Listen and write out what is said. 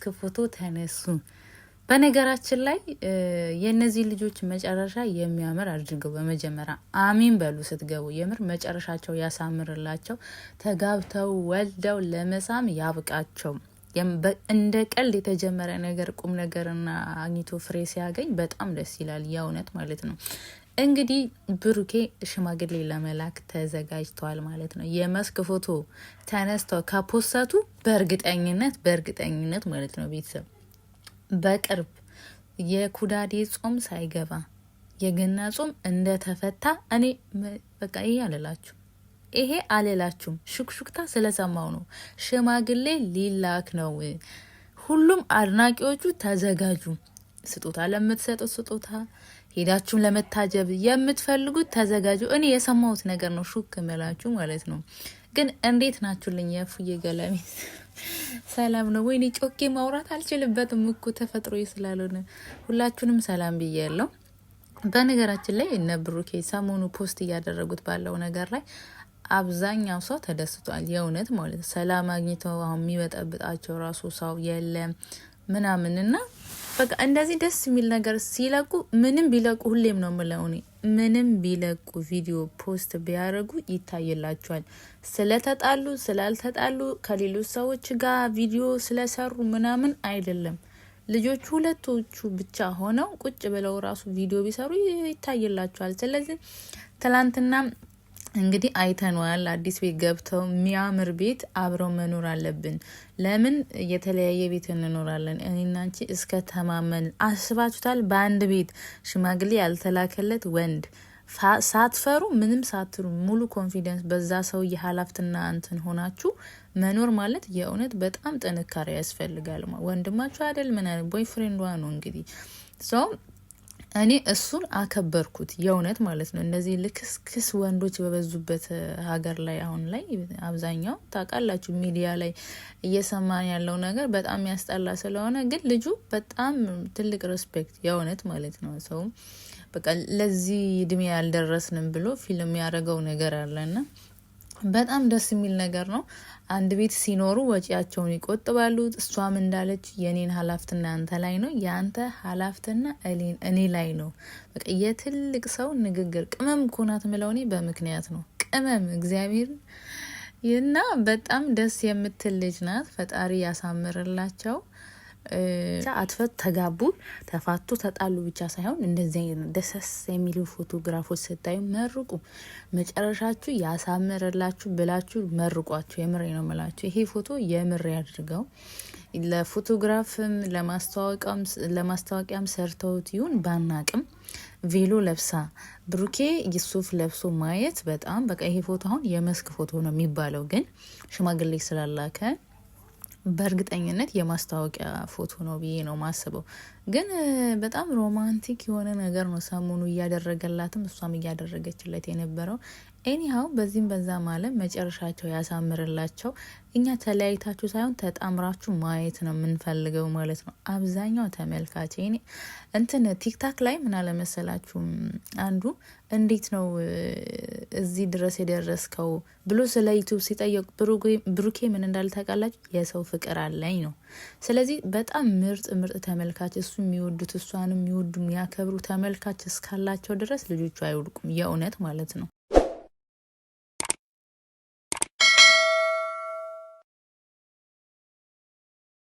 እስከ ፎቶ ተነሱ። በነገራችን ላይ የእነዚህ ልጆች መጨረሻ የሚያምር አድርገው በመጀመሪያ አሚን በሉ ስትገቡ። የምር መጨረሻቸው ያሳምርላቸው። ተጋብተው ወልደው ለመሳም ያብቃቸው። እንደ ቀልድ የተጀመረ ነገር ቁም ነገርና አግኝቶ ፍሬ ሲያገኝ በጣም ደስ ይላል። የእውነት ማለት ነው። እንግዲህ ብሩኬ ሽማግሌ ለመላክ ተዘጋጅተዋል ማለት ነው። የመስክ ፎቶ ተነስተው ከፖሰቱ በእርግጠኝነት በእርግጠኝነት ማለት ነው ቤተሰብ በቅርብ የኩዳዴ ጾም ሳይገባ የገና ጾም እንደተፈታ እኔ በቃ ይሄ አልላችሁ ይሄ አልላችሁም። ሹክሹክታ ስለሰማው ነው። ሽማግሌ ሊላክ ነው። ሁሉም አድናቂዎቹ ተዘጋጁ። ስጦታ ለምትሰጡት ስጦታ ሄዳችሁን ለመታጀብ የምትፈልጉት ተዘጋጁ። እኔ የሰማሁት ነገር ነው፣ ሹክ ምላችሁ ማለት ነው። ግን እንዴት ናችሁልኝ? የፉዬ ገለሜት ሰላም ነው ወይ? ጮኬ ማውራት አልችልበትም እኮ ተፈጥሮ ስላልሆነ ሁላችሁንም ሰላም ብዬ ያለው በነገራችን ላይ እነ ብሩኬ ሰሞኑ ፖስት እያደረጉት ባለው ነገር ላይ አብዛኛው ሰው ተደስቷል። የእውነት ማለት ሰላም አግኝተው አሁን የሚበጠብጣቸው ራሱ ሰው የለም ምናምን በቃ እንደዚህ ደስ የሚል ነገር ሲለቁ ምንም ቢለቁ ሁሌም ነው የምለው እኔ ምንም ቢለቁ ቪዲዮ ፖስት ቢያደርጉ ይታይላቸዋል። ስለተጣሉ ስላልተጣሉ ከሌሎች ሰዎች ጋር ቪዲዮ ስለሰሩ ምናምን አይደለም። ልጆቹ ሁለቶቹ ብቻ ሆነው ቁጭ ብለው ራሱ ቪዲዮ ቢሰሩ ይታይላቸዋል። ስለዚህ ትላንትና እንግዲህ አይተነዋል። አዲስ ቤት ገብተው የሚያምር ቤት አብረው መኖር አለብን። ለምን የተለያየ ቤት እንኖራለን? እኔና አንቺ እስከ ተማመን አስባችሁታል። በአንድ ቤት ሽማግሌ ያልተላከለት ወንድ ሳትፈሩ ምንም ሳትሩ ሙሉ ኮንፊደንስ በዛ ሰው የሀላፍትና እንትን ሆናችሁ መኖር ማለት የእውነት በጣም ጥንካሬ ያስፈልጋል። ወንድማችሁ አይደል ምን ቦይፍሬንዷ ነው እንግዲህ ሰው እኔ እሱን አከበርኩት የእውነት ማለት ነው። እነዚህ ልክስክስ ወንዶች በበዙበት ሀገር ላይ አሁን ላይ አብዛኛው ታውቃላችሁ፣ ሚዲያ ላይ እየሰማን ያለው ነገር በጣም ያስጠላ ስለሆነ፣ ግን ልጁ በጣም ትልቅ ሬስፔክት የእውነት ማለት ነው። ሰው በቃ ለዚህ እድሜ ያልደረስንም ብሎ ፊልም ያደረገው ነገር አለና በጣም ደስ የሚል ነገር ነው። አንድ ቤት ሲኖሩ ወጪያቸውን ይቆጥባሉ። እሷም እንዳለች የእኔን ኃላፊነት አንተ ላይ ነው፣ የአንተ ኃላፊነት እኔ ላይ ነው። በቃ የትልቅ ሰው ንግግር ቅመም ኮናት ምለውኔ ምለው እኔ በምክንያት ነው። ቅመም እግዚአብሔር እና በጣም ደስ የምትል ልጅ ናት። ፈጣሪ ያሳምርላቸው። አትፈት ተጋቡ ተፋቱ ተጣሉ ብቻ ሳይሆን እንደዚህ አይነት ደሰስ የሚሉ ፎቶግራፎች ስታዩ መርቁ። መጨረሻችሁ ያሳምርላችሁ ብላችሁ መርቋችሁ። የምሬ ነው ምላችሁ። ይሄ ፎቶ የምሬ አድርገው ለፎቶግራፍም ለማስታወቂያም ሰርተውት ይሁን ባናቅም ቬሎ ለብሳ ብሩኬ ሱፍ ለብሶ ማየት በጣም በቃ ይሄ ፎቶ አሁን የመስክ ፎቶ ነው የሚባለው ግን ሽማግሌ ስላላከ በእርግጠኝነት የማስታወቂያ ፎቶ ነው ብዬ ነው ማስበው። ግን በጣም ሮማንቲክ የሆነ ነገር ነው ሰሞኑ እያደረገላትም እሷም እያደረገችለት የነበረው። ኤኒሃው በዚህም በዛ ማለት መጨረሻቸው ያሳምርላቸው። እኛ ተለያይታችሁ ሳይሆን ተጣምራችሁ ማየት ነው የምንፈልገው ማለት ነው። አብዛኛው ተመልካች እኔ እንትን ቲክታክ ላይ ምን አለመሰላችሁ አንዱ እንዴት ነው እዚህ ድረስ የደረስከው ብሎ ስለ ዩቱብ ሲጠየቅ ብሩኬ ምን እንዳለ የሰው ፍቅር አለኝ ነው ስለዚህ በጣም ምርጥ ምርጥ ተመልካች እሱ የሚወዱት እሷንም የሚወዱ የሚያከብሩ ተመልካች እስካላቸው ድረስ ልጆቹ አይወድቁም። የእውነት ማለት ነው።